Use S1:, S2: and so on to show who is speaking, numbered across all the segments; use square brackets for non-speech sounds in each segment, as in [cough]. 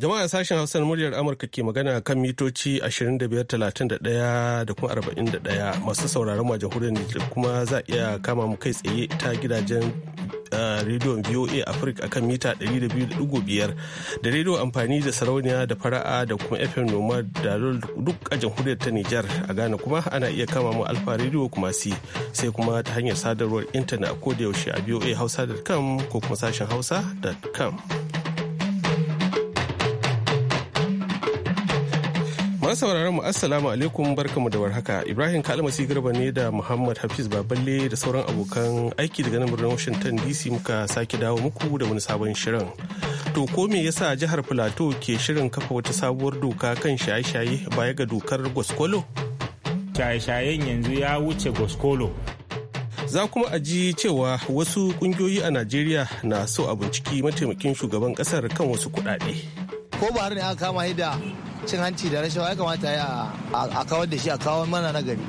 S1: Jama'a sashen Hausar muryar Amurka ke magana kan mitoci 2531 da kuma 41 masu sauraron mu a jamhuriyar Nijar kuma za a iya kama mu kai tsaye ta gidajen eh, rediyon VOA Africa akan mita 200.5 da rediyo amfani da sarauniya da fara'a da kuma FM Noma da duk a jamhuriyar ta Nijar a Ghana kuma ana iya kama mu Alfa rediyo kuma si sai kuma ta hanyar sadarwar intanet a koda yaushe a Hausa.com ko kuma sashen hausa.com. kamar sauraron mu assalamu alaikum barkamu da warhaka Ibrahim Kalmasi Garba ne da Muhammad Hafiz Baballe da sauran abokan aiki daga nan birnin Washington DC muka sake dawo muku da wani sabon shirin. To ko me yasa jihar Plateau ke shirin kafa wata sabuwar doka kan shaye-shaye baya ga dokar Goskolo? Shaye-shayen yanzu ya wuce Goskolo. Za kuma a ji cewa wasu kungiyoyi a Najeriya na so a binciki mataimakin shugaban kasar kan wasu kuɗaɗe.
S2: ko har ne aka kama da cin hanci da rashawa ya kamata ya a kawar da shi a kawo mana na gari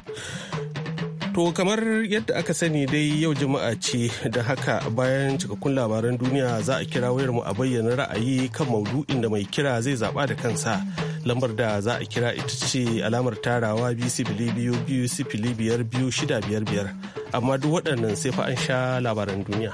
S2: To kamar
S1: yadda aka sani dai yau juma'a ce da haka bayan cikakkun labaran duniya za a kira wayarmu a bayyana ra'ayi kan maudu'in da mai kira zai zaba da kansa. Lambar da za a kira ita ce alamar tarawa BC bili biyu biyu sifili biyar biyu shida biyar biyar. Amma duk waɗannan sai fa an sha labaran duniya.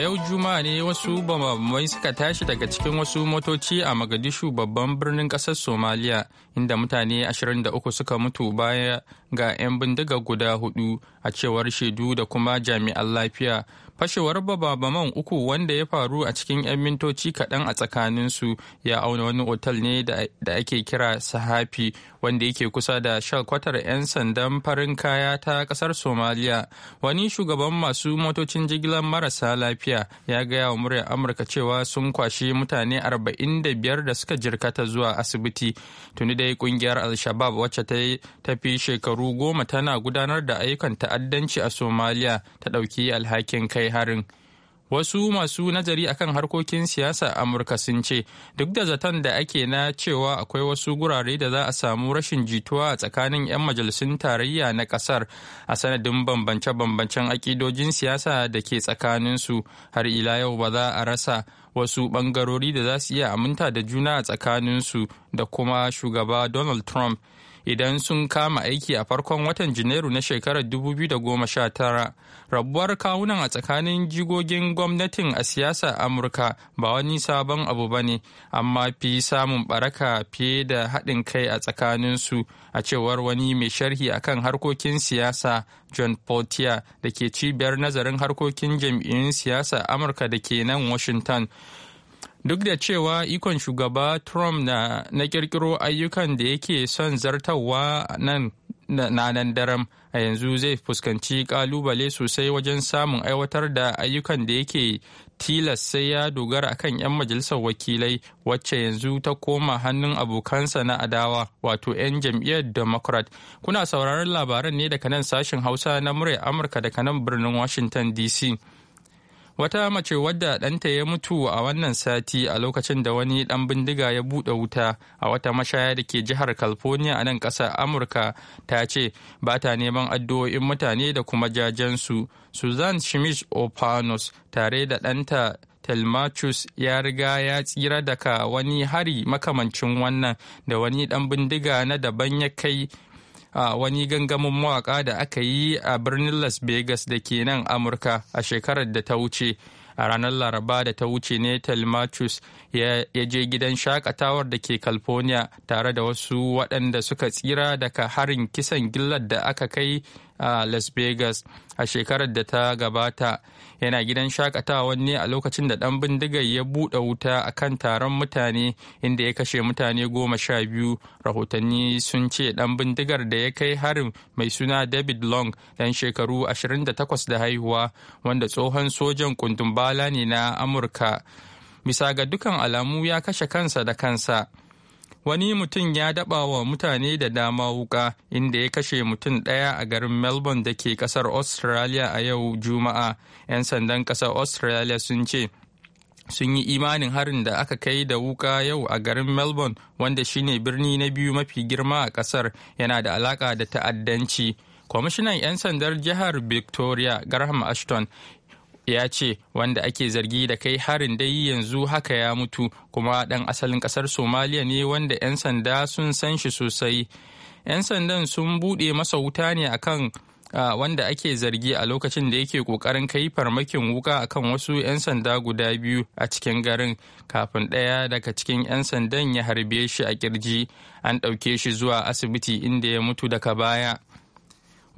S3: yau Juma'a ne wasu bambamai suka tashi daga cikin wasu motoci a Magadishu babban birnin kasar Somaliya inda mutane 23 suka mutu baya ga 'yan bindiga guda hudu a cewar shaidu da kuma jami'an lafiya fashewar babaman uku wanda ya faru a cikin 'yan mintoci kaɗan a tsakaninsu ya auna wani otal ne da ake kira sahafi wanda yake kusa da shalkwatar 'yan sandan farin kaya ta ƙasar somaliya wani shugaban masu motocin jigilar marasa lafiya ya gaya wa muryar amurka cewa sun kwashi mutane 45 da suka jirkata zuwa asibiti tuni dai kungiyar al-shabab wacce ta tafi shekaru goma tana gudanar da ayyukan ta'addanci a somaliya ta ɗauki alhakin kai harin wasu masu nazari akan harkokin siyasa amurka sun ce duk da zaton da ake na cewa akwai wasu gurare da za a samu rashin jituwa a tsakanin 'yan majalisun tarayya na kasar a sanadin bambance-bambancen akidojin siyasa da ke tsakaninsu har ila yau ba za a rasa wasu bangarori da za su iya aminta da juna a tsakaninsu da kuma shugaba donald trump idan sun kama aiki a farkon watan janairu na shekarar 2019 rabuwar kawunan a tsakanin jigogin gwamnatin a siyasa amurka ba wani sabon abu ba ne amma fi samun baraka fiye da haɗin kai a tsakaninsu a cewar wani mai sharhi akan harkokin siyasa john portier da ke cibiyar nazarin harkokin jam'iyyun siyasa amurka da ke nan washington duk da cewa ikon shugaba trump na, na kirkiro ayyukan da yake son zartarwa nan na nan daram a yanzu zai fuskanci kalubale sosai wajen samun aiwatar da ayyukan da yake tilas sai ya dogara akan 'yan majalisar wakilai wacce yanzu ta koma hannun abokansa na adawa wato 'yan jam'iyyar democrat kuna sauraron labaran ne daga nan sashen hausa na murya amurka daga nan birnin washington dc Wata mace wadda ɗanta ya mutu a wannan sati a lokacin da wani ɗan bindiga ya buɗe wuta a wata mashaya da ke jihar California a nan ƙasar Amurka ta ce ba ta neman addu'o'in mutane da kuma jajensu. Suzanne schmidt Opanos tare da ɗanta Telmachus ya riga ya tsira daga wani hari makamancin wannan da wani ɗan bindiga na daban ya kai a wani gangamin mawaƙa da aka yi a birnin las vegas da ke nan amurka a shekarar da ta wuce a ranar laraba da ta wuce ne telmatus ya je gidan shakatawar da ke california tare da wasu waɗanda suka tsira daga harin kisan gillar da aka kai a las vegas a shekarar da ta gabata yana gidan shakatawa ne a lokacin da ɗan bindigar ya buɗe wuta a kan taron mutane inda ya kashe mutane goma sha biyu rahotanni sun ce ɗan bindigar da ya kai harin mai suna david long dan shekaru 28 da haihuwa wanda tsohon sojan kundumbala ne na amurka bisa ga dukan alamu ya kashe kansa da kansa wani mutum ya daba wa mutane da dama wuka inda ya kashe mutum ɗaya a garin melbourne da ke ƙasar australia a yau juma'a 'yan sandan ƙasar australia sun ce sun yi imanin harin da aka kai da wuka yau a garin melbourne wanda shine birni na biyu mafi girma a ƙasar yana da alaƙa da ta'addanci kwamishinan 'yan sandar jihar victoria graham ashton ya ce wanda ake zargi da kai harin dai yanzu haka ya mutu kuma dan asalin kasar somaliya ne wanda 'yan sanda sun san shi sosai 'yan sandan sun buɗe masa wuta ne akan wanda ake zargi a lokacin da yake kokarin kai farmakin wuka akan wasu 'yan sanda guda biyu a cikin garin kafin ɗaya daga cikin 'yan sandan ya harbe shi a kirji an ɗauke shi zuwa asibiti inda ya mutu daga baya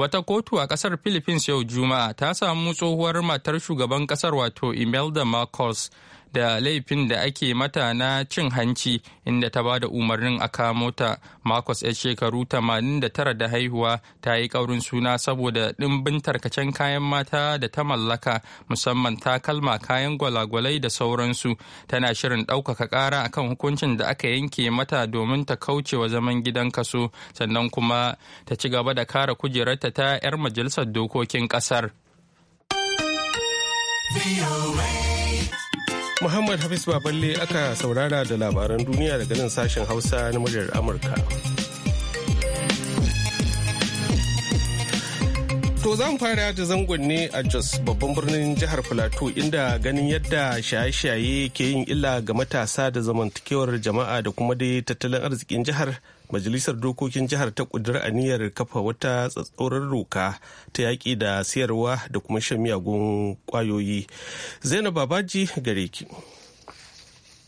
S3: Wata kotu a kasar Philippines yau Juma'a ta samu tsohuwar matar shugaban kasar wato Imelda Marcos da laifin da ake mata na cin hanci inda ta ba da umarnin a kamo ta marcus ya shekaru 89 da haihuwa ta yi ƙaurin suna saboda ɗimbin tarkacen kayan mata da ta mallaka musamman takalma kayan gwalagwalai da sauransu tana shirin ɗaukaka ƙara akan hukuncin da aka yanke mata domin ta kauce wa zaman gidan kaso sannan kuma ta ci gaba da kara kujerarta ta 'yar majalisar dokokin ƙasar.
S1: Muhammad Hafiz Baballe aka saurara da labaran duniya daga nan sashen Hausa na muryar Amurka. To zan fara da zangon ne a Jos babban birnin jihar Filato inda ganin yadda shaye-shaye ke yin illa ga matasa da zamantakewar jama'a da kuma dai tattalin arzikin jihar majalisar dokokin jihar ta a niyyar kafa wata tsatsauran roka ta yaƙi da siyarwa da kuma shan miyagun ƙwayoyi zainab babaji gare ki.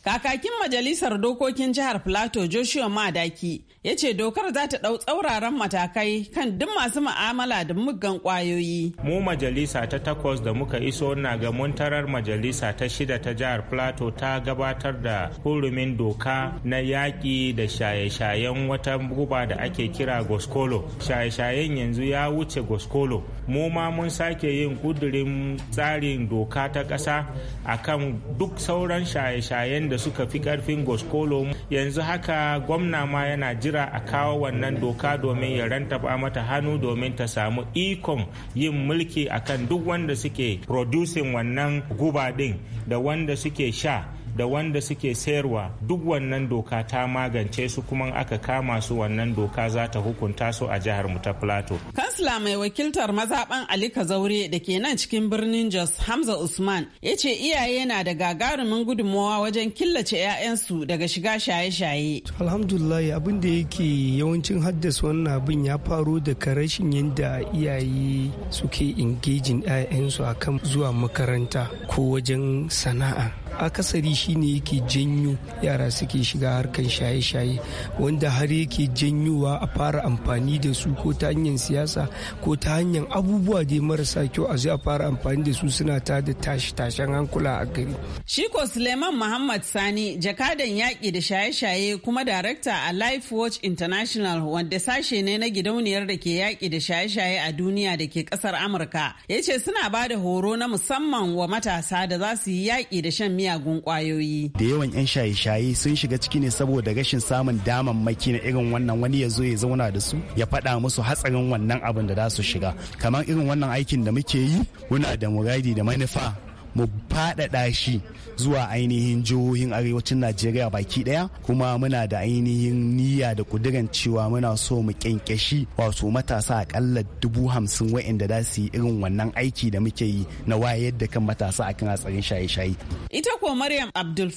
S4: Kakakin Majalisar Dokokin Jihar Plateau Joshua Madaki ya ce dokar za ta ɗau tsauraran matakai kan duk masu ma'amala da muggan ƙwayoyi.
S1: Mu majalisa ta takwas da muka iso na ga muntarar majalisa ta shida ta jihar Plateau ta gabatar da hurumin doka na yaƙi da shaye-shayen wata guba da ake kira goskolo. Shaye-shayen yanzu ya wuce goskolo. Mu ma mun sake yin kudurin tsarin doka ta ƙasa akan duk sauran shaye-shayen da suka fi karfin goskolo yanzu haka gwamna ma yana jira a kawo wannan doka domin ya ranta ba mata hannu domin ta samu ikon yin mulki akan duk wanda suke producing wannan guba ɗin da wanda suke sha da wanda suke sayarwa duk wannan doka ta magance su kuma aka kama su wannan doka za ta hukunta su a jihar mu ta plateau
S4: kansila mai wakiltar mazaban ali kazaure da ke nan cikin birnin jos hamza usman ya ce iyaye na da gagarumin gudunmawa wajen killace 'ya'yansu daga shiga shaye-shaye
S5: alhamdulillah abin da yake yawancin haddasa wannan abin ya faro daga rashin yadda iyaye suke engaging 'ya'yansu akan zuwa makaranta ko wajen sana'a akasari shine yake janyo yara suke shiga harkan shaye-shaye wanda har yake janyowa a fara amfani da su ko ta hanyar siyasa ko ta hanyar abubuwa dai marasa kyau a a fara amfani da su suna ta da tashi-tashen hankula a gari.
S4: Shiko Suleiman Muhammad Sani jakadan yaƙi da shaye-shaye kuma darakta a Life Watch International wanda sashe ne na gidauniyar da ke yaƙi da shaye-shaye a duniya da ke ƙasar Amurka ya ce suna ba da horo na musamman wa matasa da za su yi yaƙi da shan miyagun kwayoyi.
S6: Da yawan 'yan shaye-shaye sun shiga ciki ne saboda rashin samun damammaki na irin wannan wani ya zo ya zauna da su ya faɗa musu hatsarin wannan abin da za su shiga. Kamar irin wannan aikin da muke yi muna da muradi da manufa mu faɗaɗa shi zuwa ainihin jihohin arewacin najeriya baki ɗaya kuma muna da ainihin niyya da kudiran cewa muna so mu kyankyashi wasu matasa akalla dubu hamsin wa'inda za su yi irin wannan aiki da muke yi na wayar da kan matasa a kan hatsarin shaye-shaye.
S4: ita ko maryam abdul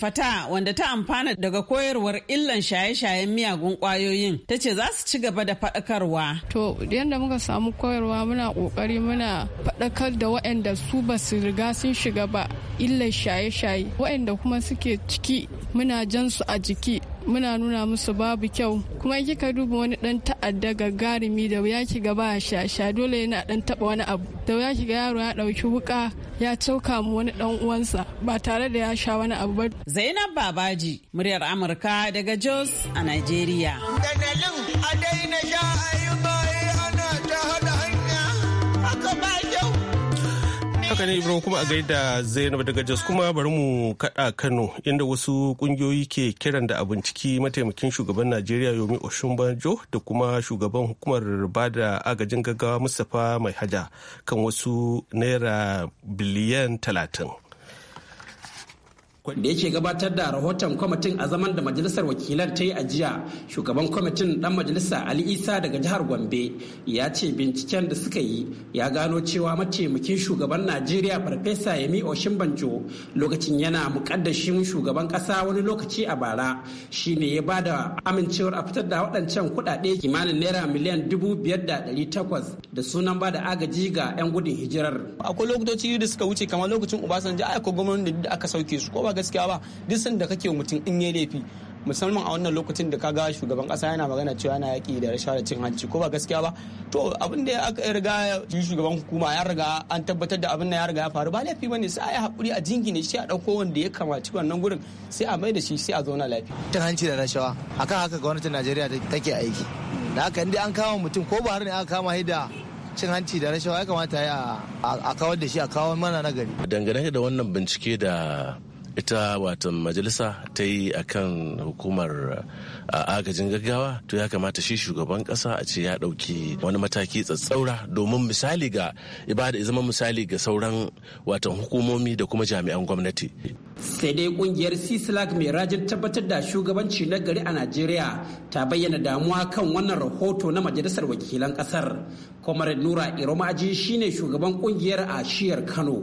S4: wanda ta amfana daga koyarwar illan shaye-shayen miyagun kwayoyin ta ce za su ci gaba da faɗakarwa. to yadda muka samu koyarwa muna ƙoƙari muna faɗakar da waɗanda su ba su riga sun shiga ba illar shaye-shaye waɗanda kuma suke ciki muna jan su a jiki muna nuna musu babu kyau kuma kika duba wani dan ta'adda gagarumi da ya ki gaba a shasha dole yana dan taba wani abu da ya ki ga yaro ya dauki wuka ya cauka mu wani dan uwansa ba tare da ya sha wani abu ba Zainab Babaji muryar Amurka daga Jos a Nigeria
S6: a daina sha ayyuka
S1: haka ne ibrahim kuma a gaida zainab daga jos kuma bari mu kada kano inda wasu kungiyoyi ke kiran da abinciki ciki mataimakin shugaban najeriya yomi oshunbanjo da kuma shugaban hukumar bada agajin gaggawa mustapha mai haja kan wasu naira biliyan talatin
S7: da yake gabatar da rahoton kwamitin a zaman da majalisar wakilan ta yi a jiya shugaban kwamitin dan majalisa ali isa daga jihar gombe ya ce binciken da suka yi ya gano cewa mataimakin shugaban najeriya farfesa yemi oshinbanjo lokacin yana mukaddashin shugaban ƙasa wani lokaci a bara shine ya bada amincewar a fitar da waɗancan kuɗaɗe kimanin naira miliyan dubu biyar da ɗari takwas da sunan bada agaji ga 'yan gudun hijirar akwai lokutoci da suka wuce kamar lokacin obasanjo ai ko gwamnati da aka sauke su ko ba gaskiya ba duk sanda kake mutum in yi laifi musamman a wannan lokacin da kaga
S5: shugaban kasa yana magana cewa yana yaki da rashawa da cin hanci ko ba gaskiya ba to abin da aka riga shi shugaban hukuma ya riga an tabbatar da abin da ya riga ya faru ba laifi bane sai a yi hakuri a jingine shi a dauko wanda ya kamaci wannan gurin sai a mai da shi sai a zauna lafiya cin hanci da rashawa akan haka gwamnatin
S2: Najeriya take aiki da haka inda an kama mutum ko ba ne aka kama haida cin hanci da rashawa ya kamata a kawar da shi a kawo mana nagari
S6: dangane da wannan bincike da ita watan majalisa ta yi a kan hukumar agajin gaggawa to ya kamata shi shugaban kasa a ce ya ɗauki wani mataki tsatsaura domin misali ga ibada zama misali ga sauran watan hukumomi da kuma jami'an gwamnati
S7: sai dai kungiyar cislac mai rajin tabbatar da shugabanci na gari a najeriya ta bayyana damuwa kan wannan rahoto na majalisar wakilan kasar kwamar nura iromaji shine shugaban kungiyar a shiyar kano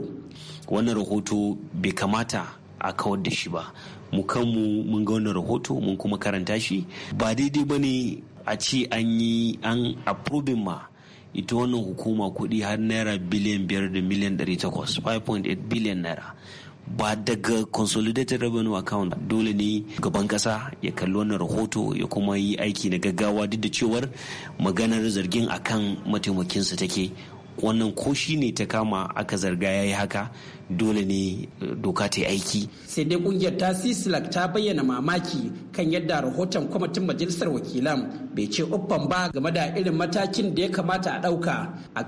S5: wannan rahoto bai kamata a kawar da shi ba mu kanmu mun ga wannan rahoto mun kuma karanta shi ba daidai ba ne a ce an yi an approving ma ita wannan hukuma kuɗi har naira biliyan biyar da miliyan ɗari takwas 5.8 biliyan naira ba daga consolidated revenue account dole ne gaban kasa ya kalli wannan rahoto ya kuma yi aiki na gaggawa duk da cewar maganar zargin akan mataimakinsa take wannan ko shi ne ta kama aka zarga ya yi haka dole ne eh, doka ta
S7: aiki. sai dai kungiyar ta sisilak ta bayyana mamaki kan yadda rahoton kwamitin majalisar wakilan bai ce uffan ba game da irin matakin da ya kamata a ɗauka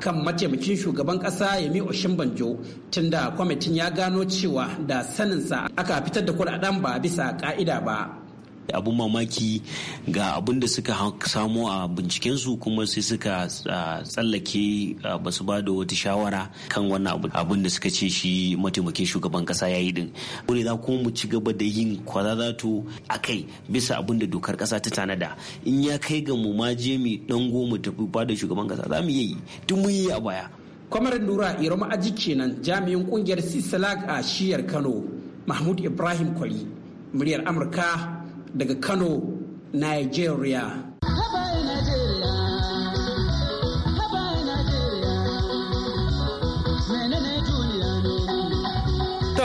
S7: kan mataimakin shugaban ƙasa yami oshin banjo tunda kwamitin ya gano cewa da saninsa aka fitar da kuɗaɗen ba bisa ƙa'ida ba. abun mamaki ga
S5: abin da suka samo a bincikensu kuma sai suka tsallake ba su ba wata shawara kan wannan abin da suka ce shi mataimakin shugaban kasa ya yi din ne za kuma mu ci gaba da yin zato a kai bisa abin da dokar kasa ta tanada
S7: in ya kai ga mu ma je mu dango mu tafi ba da shugaban kasa za mu yi duk mun yi a baya kwamarin nura iroma aji kenan jami'in kungiyar sisalak a shiyar kano mahmud ibrahim kwali muryar amurka daga Kano, Nigeria.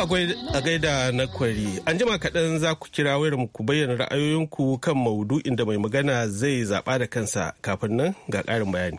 S7: akwai a
S1: gaida na kwari an jima kaɗan za ku kira wayarmu ku bayyana ra'ayoyinku kan maudu'in da mai magana zai zaɓa da kansa kafin nan ga ƙarin bayani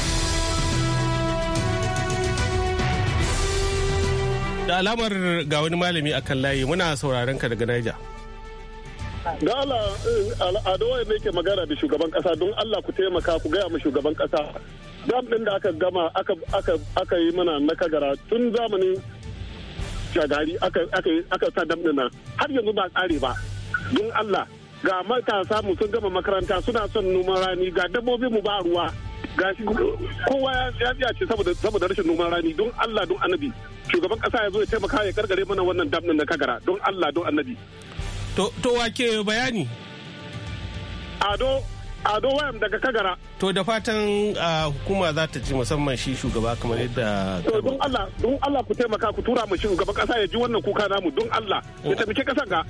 S1: da alamar ga wani malami akan layi muna sauraron ka daga Niger.
S2: ga Allah eh, al'adawai ne ke magana da shugaban kasa don Allah ku taimaka ku gaya ma shugaban kasa dam din da aka gama aka yi mana na kagara tun zamanin shagari aka sa dam din nan har yanzu ba tsare ba don Allah ga matasa mu sun gama makaranta suna son noman rani ga dabbobi mu ba ruwa ga kowa ya ce saboda rashin noman rani don Allah don annabi shugaban kasa ya zo ya taimaka ya kargare mana wannan dam na kagara don Allah don annabi to to wake bayani ado Ado Wayam daga Kagara.
S1: To da fatan ah, hukuma za ta ci musamman shi shugaba kamar yadda.
S2: To don Allah don Allah ku taimaka ku tura mu shugaba kasa ya ji wannan kuka namu don Allah ya taimake kasa ga.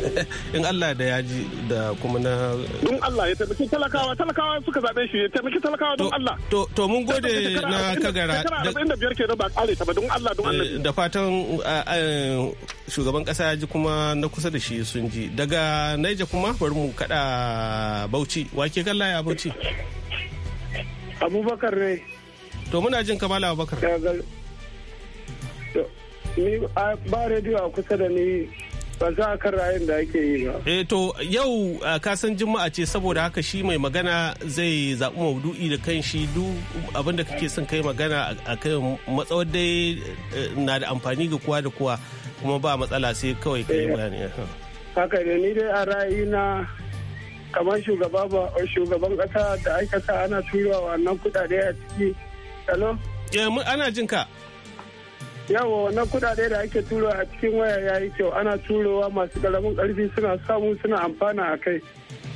S1: [laughs] In Allah da ya ji da kuma
S2: na. Don Allah ya tafi talakawa talakawa suka zabe shi ya tafi talakawa don Allah. To to mun gode na Kagara. Da biyar kenan ba kare ta ba don Allah don Allah. Eh,
S1: da fatan ah, ah, shugaban kasa ya ji kuma na kusa da shi sun ji daga naija kuma bari mu kada bauchi wake kalla ya bauchi
S2: abubakar ne
S1: to muna jin kamala abubakar ni
S2: ba radio a kusa da ni ba za a kan ra'ayin da ake yi ba
S1: eh to yau ka san juma'a ce saboda haka shi mai magana zai zaɓi maudu'i da kan shi duk abin da kake son kai magana a kai matsawar dai eh, na da amfani ga kowa da kowa kuma ba matsala sai kawai ka yi eh. bayani
S2: haka ne ni dai a ra'ayina kamar shugaba ba shugaban kasa da aka sa ana turawa wannan kudade a ciki salo
S1: eh, ana jin ka
S2: yawa wannan kudade da ake turawa a cikin waya yayi kyau ana turowa masu karamin karfi suna samu suna amfana a kai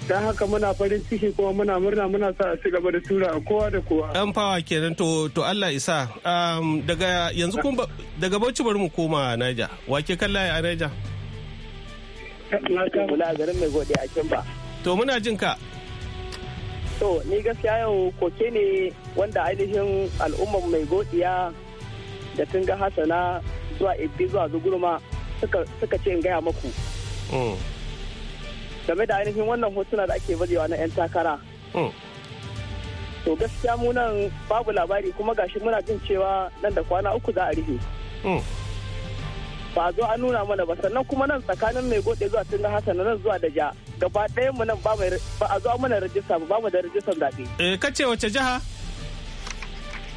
S2: don haka muna farin ciki kuma muna murna muna sa a gaba da tura a kowa da kowa yan fawa
S1: kenan to to Allah isa um, daga yanzu kun daga Bauchi bari mu koma Naija wake kallaye a Naija
S2: na kan mula garin mai gode a can ba
S1: to muna jin ka
S2: to ni gaskiya yau koke ne wanda ainihin al'ummar mai godiya da ga hasana zuwa ibbi zuwa Zuguruma suka ce in gaya maku mm. game da ainihin wannan hotuna da ake bajewa na 'yan takara. Hmm. To gaskiya mu nan babu labari kuma gashi muna jin cewa nan da kwana uku za a rihe. Hmm. Ba zo an nuna mana ba sannan kuma nan tsakanin mai gode zuwa tun da Hassan nan zuwa da ja gaba ɗaya mu nan ba a zo mana rajista ba mu da rajistar zaɓe.
S1: Eh kace wace jiha?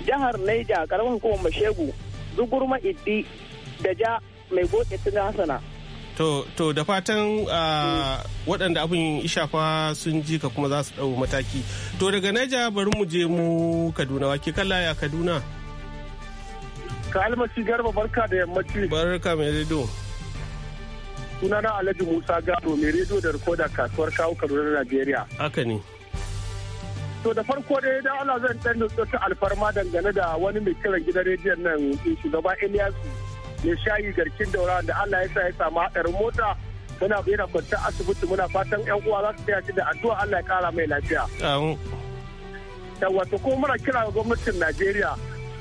S2: Jihar Naija karamar hukumar Mashegu, Zugurma Iddi da ja mai gode tun Hassana.
S1: To, da fatan ah, waɗanda abin ishafa sun ji ka kuma za su ɗau mataki. To daga Naija bari mu je mu Kaduna, wake kalla ya Kaduna. Ka almaci garba barka da yammaci. Barka mai
S2: rido. na Alhaji Musa Gado mai rediyo da rikoda kasuwar kawo Kaduna na Najeriya. Haka ne. To da farko dai da dawala zan dan ta alfarma dangane da wani mai kiran gidan rediyon nan shugaba Iliyasu ya shayi garkin daura da Allah ya sa ya samu haɗarin mota muna yana kwanta asibiti muna fatan yan uwa za su taya shi da addu'a Allah ya kara mai lafiya. da to kuma muna kira ga gwamnatin Najeriya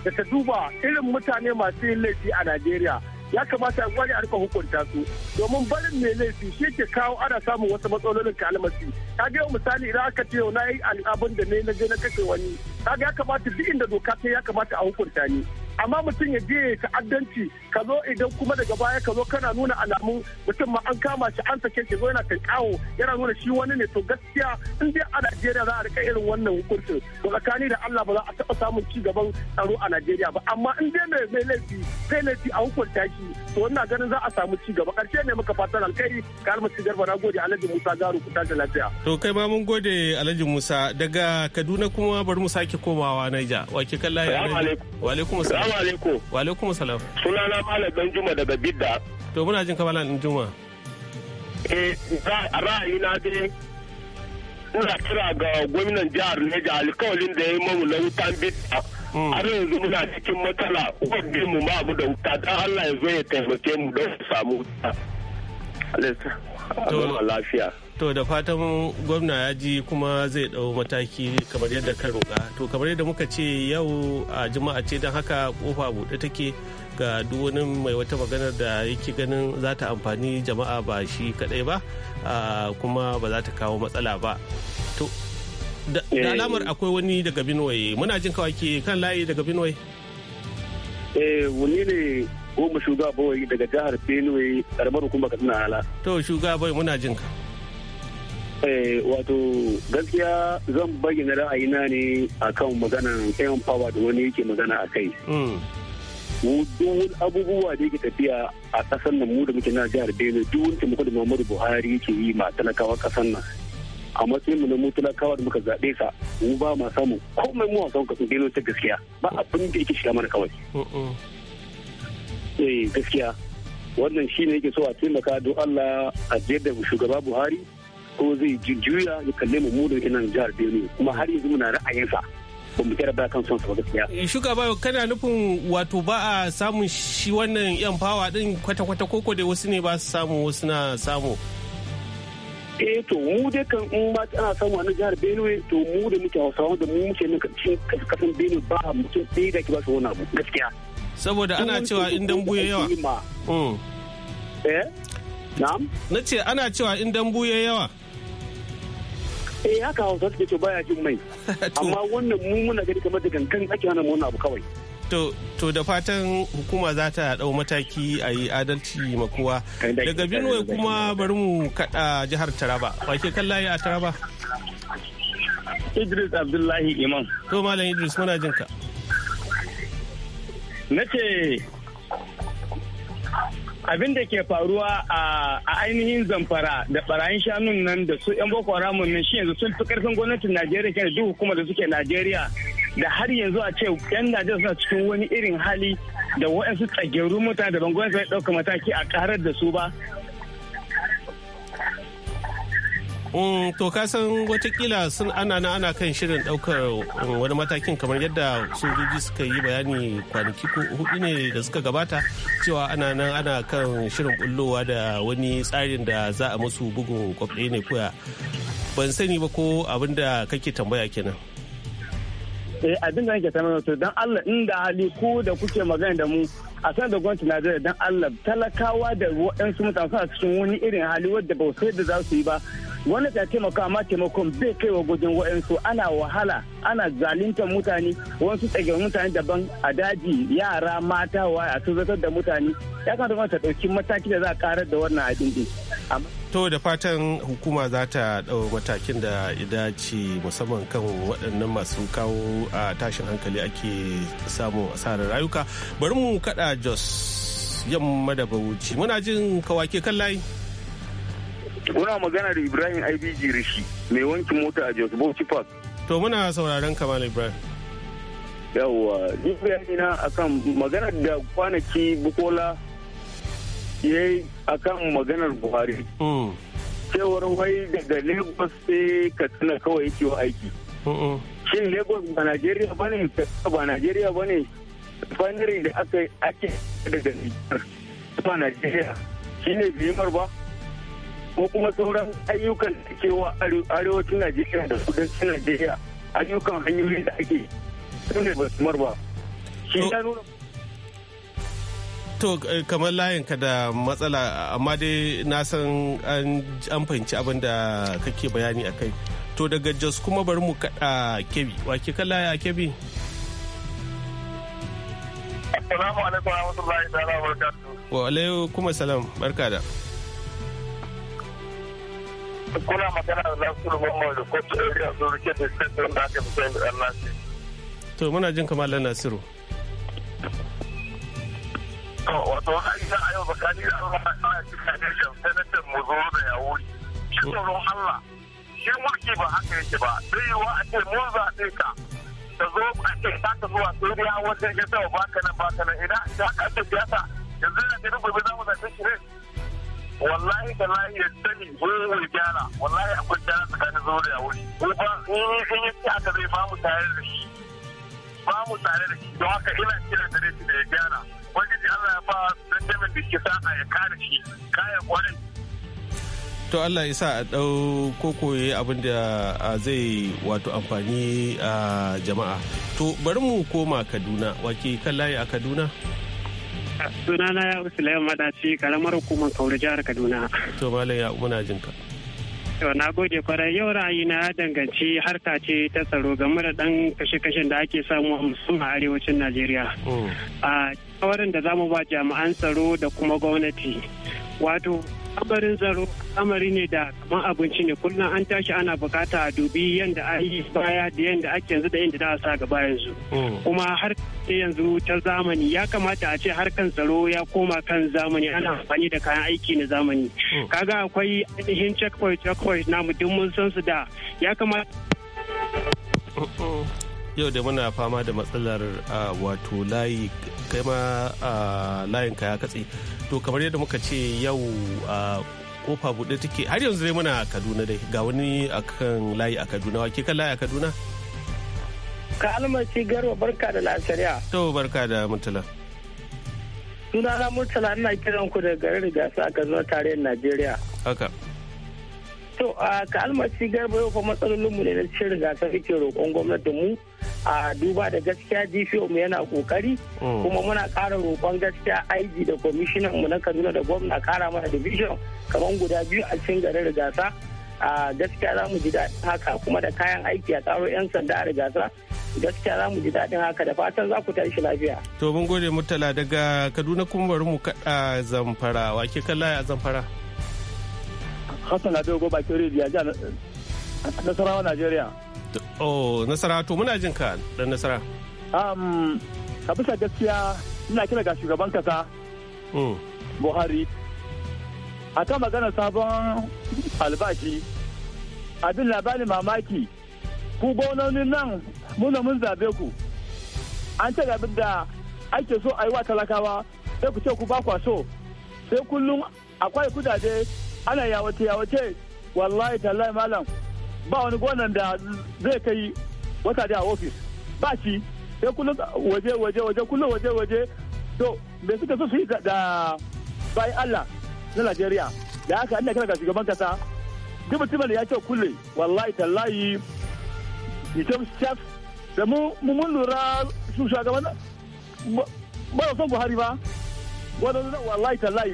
S2: da ta duba irin mutane masu yin laifi a Najeriya ya kamata a gwari a rika hukunta su domin barin mai laifi shi ke kawo ana samun wasu matsalolin kalmasi ka ga misali idan aka ce na yi abin da ne na je na kashe wani ka ga ya kamata duk inda doka ta ya kamata a hukunta ni amma mutum ya je ta'addanci ka zo idan kuma daga baya ka zo kana nuna alamu mutum ma an kama shi an sake shi zo yana kawo yana nuna shi wani ne to gaskiya in dai a Najeriya za a rika irin wannan hukuncin to tsakani da Allah ba za a taba samun ci gaban tsaro a Najeriya ba amma in dai mai mai laifi sai laifi a hukunta shi to wannan ganin za a samu ci gaba karshe ne muka fatan alkhairi ka almasi garba na gode Alhaji Musa Garu ku tashi lafiya
S1: to kai ma mun gode Alhaji Musa daga Kaduna kuma bari mu sake komawa Naija wa ke kallon wa alaikum assalam Salamu alaikum. Wa alaikum salam.
S2: Sunana Malam juma daga Bidda.
S1: To muna jin kamala Juma.
S2: Eh ra'ayina dai ina kira ga gwamnan jihar Neja alkawalin da ya yi mamu na wutan Bidda. Hmm. Har yanzu muna cikin matsala wadda mu ma mu da wuta don Allah ya zo ya taimake mu don su samu wuta. Allah ya lafiya.
S1: to da fatan gwamna ya ji kuma zai ɗau mataki kamar yadda ka roƙa to kamar yadda muka ce yau a juma'a ce don haka kofa buɗe take ga duk wani mai wata maganar da yake ganin za ta amfani jama'a ba shi kaɗai ba kuma ba za ta kawo matsala ba to da eh. alamar akwai wani daga Benue muna jin kawai ke kan layi daga Benue
S2: eh wani ne goma shugaba daga jihar Benue karamar hukumar Katsina Ala
S1: to shugaba muna jin ka
S2: Eh, wato gaskiya zan bayyana ra'ayina ne akan maganan yan power da wani yake magana a kai hmm. duk abubuwa da yake tafiya a ƙasar nan mu da muke na jihar Benue duk wani taimako da Muhammadu Buhari yake yi ma talakawa kasar nan a matsayin mu na mu talakawa da muka zaɓe sa mu ba ma samu komai mu wasan kasu Benue ta gaskiya ba abin da yake shiga mana kawai hmm. eh gaskiya wannan shine yake so a taimaka don Allah a da shugaba Buhari ko zai juya ya kalle mu da nan jihar Benue kuma har yanzu muna ra'ayinsa ba mu kira ba kan son sa gaskiya.
S1: Eh, shuka ba kana nufin wato ba a samun shi wannan yan fawa din kwata-kwata koko da wasu ne ba su samu wasu na samu.
S2: eh to mu dai kan in ba ana samu na jihar Benue to mu da muke Hausawa da mu muke nan cikin kasan Benue ba mutum ɗaya da ke ba su wani abu gaskiya.
S1: Saboda ana cewa in dan buye yawa. Hmm. Eh? Na ce ana cewa in dambu ya yawa.
S2: eh haka hausa suke ce baya jin mai [laughs] amma wannan mu muna gani kamar da gangan ake hana wannan abu kawai
S1: to to da fatan hukuma za ta dau mataki a yi adalci ma kowa daga benue kuma bari mu kada jihar taraba ke kan layi a taraba idris abdullahi imam to malam idris muna jinka
S2: na ce abin da ke faruwa a ainihin zamfara da barayin shanun nan da su 'yan boko haramun nan shi yanzu sun fi karfin gwamnatin najeriya kenan duk hukumar da suke najeriya da har yanzu a ce 'yan najeriya suna cikin wani irin hali da waɗansu tsagerun mutane da gwamnati bai ɗauka mataki a karar da su ba Mm, to
S1: ka watakila sun ana na ana kan shirin daukar mm, wani matakin kamar yadda sojoji suka yi bayani kwanaki ko hudu ne da suka gabata cewa ana nan ana kan shirin bullowa da wani tsarin da za a musu bugun kwafɗe ne koya ban sani ba ko abin da kake tambaya kenan
S2: eh abin da nake tambaya to dan Allah inda hali ko da kuke magana da mu a san da gwamnati Najeriya dan Allah talakawa da wadansu mutane suna cikin wani irin hali wadda ba sai da za su yi ba wanda ta taimaka amma taimakon bai kai wa gudun wa'ansu ana wahala ana zaluntar mutane wasu tsage mutane daban a daji yara mata wa a zartar da mutane ya kan zama ta ɗauki mataki da za a karar da wannan abin din.
S1: To da fatan hukuma za ta ɗau matakin da ya dace musamman kan waɗannan masu kawo a tashin hankali ake samu asarar rayuka. Bari mu kaɗa Jos yamma da Bauchi. Muna jin kawake kan layi. Muna magana da Ibrahim IBG Rishi
S2: mai wankin mota a Jos Bauchi Park.
S1: To muna sauraron Kamal Ibrahim.
S2: Yawwa, duk na akan magana da kwanaki Bukola ya yi akan maganar Buhari. Mm. Cewar wai daga Lagos sai Katsina kawai yake aiki. Shin Lagos ba Najeriya ba ne? ba Najeriya ba ne? Fanari da aka ake daga Nijar. Ba Najeriya. Shi ne ba? ko kuma sauran ayyukan da ke wa arewacin najeriya da kudancin najeriya ayyukan hanyoyin da ake su ne ba su marba shi ya nuna
S1: to eh, kamar layinka da matsala amma dai na san an fahimci abin da kake bayani a kai to daga jos kuma bari mu kaɗa kebi wa ke kalla ya kebi
S2: Assalamu alaikum wa rahmatullahi ta'ala wa barakatuh.
S1: Wa alaikum salam barka da.
S2: kuna magana da Nasiru da Kotu Area sun rike da
S1: To muna jin kamar Lan Nasiru.
S2: To a yau tsakani da ana da mu zo da yawuri. Shi tsoron Allah shi mulki ba haka yake ba zai yiwa a ce ka zuwa wajen nan nan gobe za mu zaɓe shi ne. wallahi da lahi ya sani wuri gyara wallahi akwai gyara tsakanin zo ya wuri kuma in yi fi aka zai ba mu tare da shi ba mu tare da shi don haka ina kira da shi da ya gyara wajen Allah ya ba don jamin da ke sa'a ya kare shi kayan kwarin
S1: to Allah ya sa a ɗau koko ya abin da zai wato amfani a jama'a to bari mu koma kaduna wake kan layi a kaduna
S2: sunana ya layan madaci karamar hukumar kauri jihar kaduna
S1: to malam ya muna jin ka
S2: to na gode kwarai yau ra'ayi na danganci harka ce ta tsaro game da dan kashe-kashen da ake samu a musamman arewacin najeriya hmm. a kawarin da zamu ba jami'an tsaro da kuma gwamnati wato Abarin tsaro amari ne da kamar abinci ne kullum an tashi ana bukata a dubi yadda a yi baya da yadda ake yanzu da yadda za a sa gaba yanzu. Hmm. Kuma har yanzu ta zamani ya kamata a ce har kan tsaro ya koma kan zamani ana amfani da kayan aiki na zamani. Hmm. Kaga akwai ainihin checkpoint checkpoint na duk mun san su da ya kamata.
S1: Hmm, yau da muna fama da matsalar wato layi kai ma layin ka ya katse to kamar yadda muka ce yau kofa buɗe take har yanzu dai muna kaduna dai ga wani akan layi a kaduna wake kan layi a kaduna
S2: ka almasi garba barka da lasariya
S1: to barka da mutala
S2: suna na murtala ina kiran ku da garin rigasa a kaduna tarihin najeriya haka to a ka almasi garba yau fa matsalolinmu ne na cin rigasa ke roƙon gwamnatin mu a duba da gaskiya dpo mu yana kokari mm. kuma muna kara roƙon gaskiya ig da kwamishinan mu na kaduna da gwamna kara mana division kamar guda biyu a cikin garin rigasa a gaskiya za mu ji daɗin haka kuma da kayan aiki a tsaro 'yan sanda a rigasa gaskiya za mu ji daɗin haka da fatan za ku tashi lafiya.
S1: to mun gode murtala daga kaduna kuma bari mu kaɗa zamfara wake kalla a zamfara.
S2: hassan labe gobe bakin rijiya nasarawa najeriya.
S1: oh nasara to muna jin ka dan nasara
S2: um ka bisa gaskiya ina kira ga shugaban kasa hmm. buhari a kan magana sabon albashi abin labarin mamaki ku gononin nan muna mun zabe ku an ce gabin da ake so a yi wa talakawa sai ku ce ku ba so sai kullum akwai kudade ana yawace yawace wallahi tallahi malam ba wani gonan da zai kai wata da ofis ba shi sai kullum waje waje waje kullum waje waje to da suka so su yi da bayan Allah na Najeriya da aka Allah kira ga shugaban kasa duk mutumin ya ce kulle wallahi tallahi Hisham Chef da mu mun lura su shugaban ba son Buhari ba ba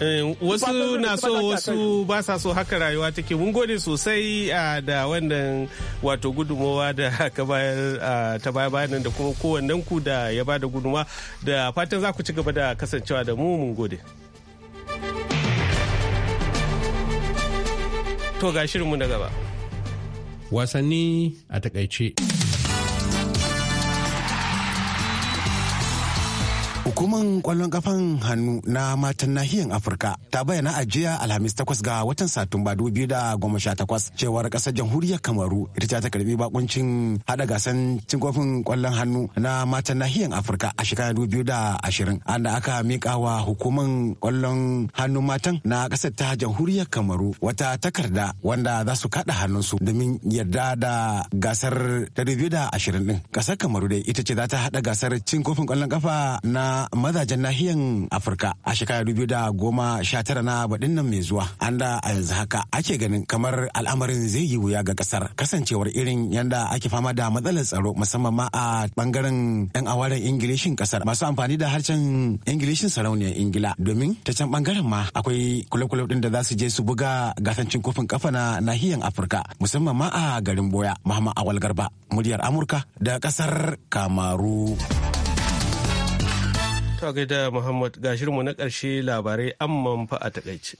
S1: eh, wasu na so wasu ba sa so haka rayuwa take mun gode sosai ah, da wannan wato gudunmowa da ka bayar ah, ta baya bayanan da kuma kowannen ku da ya ba da gudunma da fatan za ku ci gaba da kasancewa da mu mun gode to ga shirinmu na gaba wasanni a takaice
S6: Hukumar kwallon kafan hannu na matan nahiyar Afirka ta bayyana a jiya Alhamis takwas ga watan Satumba takwas cewar kasar jamhuriyar Kamaru ita ta karbi bakuncin haɗa gasan cin kofin kwallon hannu na matan nahiyar Afirka a shekarar 2020 an da aka mika wa hukumar kwallon hannu matan na kasar ta jamhuriyar Kamaru wata takarda wanda za su hannun su domin yarda da gasar ta 2020 din. Kasar Kamaru dai ita ce za ta hada gasar cin kofin kwallon kafa na mazajen nahiyan Afirka a shekara dubu da goma sha na baɗin nan mai zuwa. An da a yanzu haka ake ganin kamar al'amarin zai yi wuya ga ƙasar kasancewar irin yanda ake fama da matsalar tsaro musamman ma a bangaren 'yan awaren Ingilishin ƙasar masu amfani da harshen Ingilishin sarauniyar Ingila domin ta can bangaren ma akwai kule-kule ɗin da za su je su buga gasancin kofin kafa na nahiyan Afirka musamman ma a garin Boya Muhammad Awal Garba muryar Amurka da ƙasar Kamaru.
S1: ta gaida Muhammad gashirmu na ƙarshe labarai an manfa a takaice.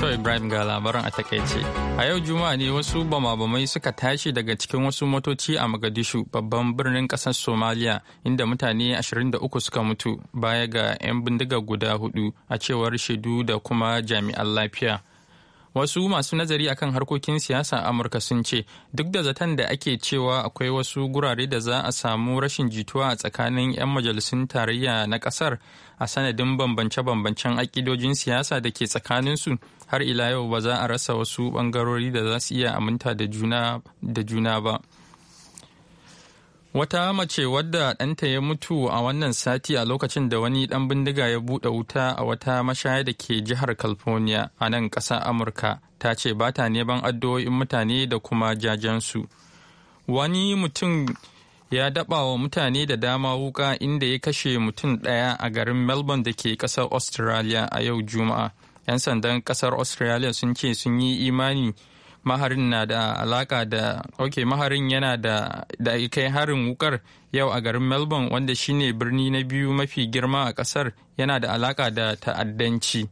S3: To Ibrahim ga labaran a takaice. A yau Juma'a ne wasu bama-bamai suka tashi daga cikin wasu motoci a Mogadishu babban birnin ƙasar Somalia inda mutane 23 suka mutu baya ga 'yan bindiga guda hudu a cewar shaidu da kuma jami'an lafiya. wasu masu nazari akan harkokin siyasa amurka sun ce duk da zaton da ake cewa akwai wasu gurare da za a samu rashin jituwa a tsakanin 'yan majalisun tarayya na kasar a sanadin bambance-bambancen akidojin siyasa da ke tsakaninsu har ila yau ba za a rasa wasu bangarori da za su iya aminta da juna ba. Wata mace wadda ɗanta ya mutu a wannan sati a lokacin da wani ɗan bindiga ya buɗe wuta a wata mashaya da ke jihar California a nan ƙasar Amurka ta ce ba ta neman addu'o'in mutane da kuma jajensu. Wani mutum ya daɓa wa mutane da dama wuka inda ya kashe mutum ɗaya a garin Melbourne da ke ƙasar Australia a yau Juma'a. 'Yan sandan ƙasar Australia sun ce sun yi imani maharin na da alaka da ok maharin yana da da kai harin wukar yau a garin melbourne wanda shine birni na biyu mafi girma a kasar yana da alaka da ta'addanci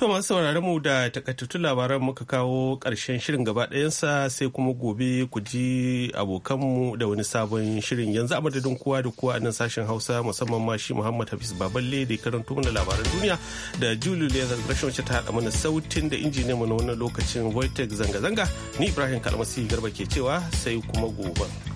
S1: To masu sauraron mu da takaitattu labaran muka kawo ƙarshen shirin gaba ɗayansa sai kuma gobe ku ji abokanmu da wani sabon shirin yanzu a madadin kowa da kowa a nan sashen Hausa musamman ma shi Muhammad Hafiz Baballe da karanto mana labaran duniya da Julie Leather Gresham wacce ta haɗa mana sautin da injiniyan mu na wannan lokacin Voitex zanga-zanga ni Ibrahim Kalmasi Garba ke cewa sai kuma gobe.